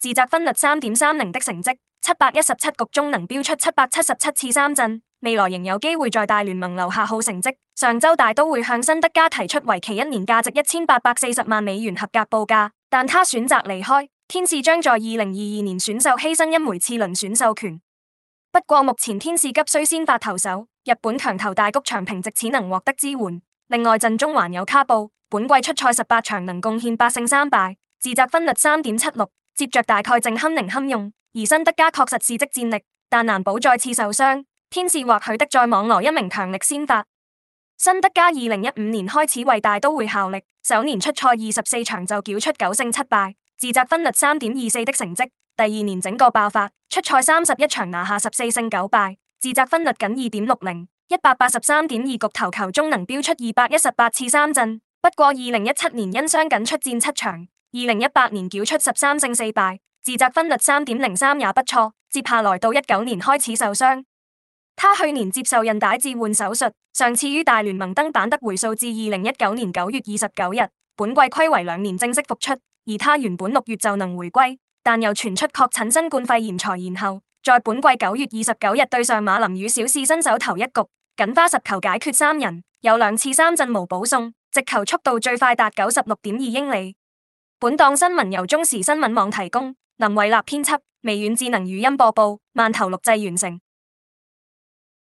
自責分率三點三零的成績，七百一十七局中能飆出七百七十七次三振，未來仍有機會在大聯盟留下好成績。上周大都會向辛德加提出為期一年，價值一千八百四十萬美元合格報價，但他選擇離開，天使將在二零二二年選秀犧牲一枚次輪選秀權。不過目前天使急需先發投手，日本強投大谷翔平直此能獲得支援。另外陣中還有卡布，本季出賽十八場能貢獻八勝三敗，自責分率三點七六。接着大概正堪寧堪用，而辛德加確實是即戰力，但難保再次受傷。天使或許得再網羅一名強力先發。辛德加二零一五年開始為大都會效力，首年出賽二十四場就繳出九勝七敗，自責分率三點二四的成績。第二年整個爆發，出賽三十一場拿下十四勝九敗，自責分率僅二點六零，一百八十三點二局投球中能飆出二百一十八次三振。不過二零一七年因傷僅出戰七場。二零一八年繳出十三勝四敗，自責分率三點零三也不錯。接下來到一九年開始受傷，他去年接受韌帶置換手術，上次於大聯盟登板得回溯至二零一九年九月二十九日，本季歸為兩年正式復出。而他原本六月就能回歸，但又傳出確診新冠肺炎，才延後在本季九月二十九日對上馬林魚小試身手，頭一局，僅花十球解決三人，有兩次三振無保送，直球速度最快達九十六點二英里。本檔新聞由中時新聞網提供，林偉立編輯，微軟智能語音播報，萬頭錄製完成。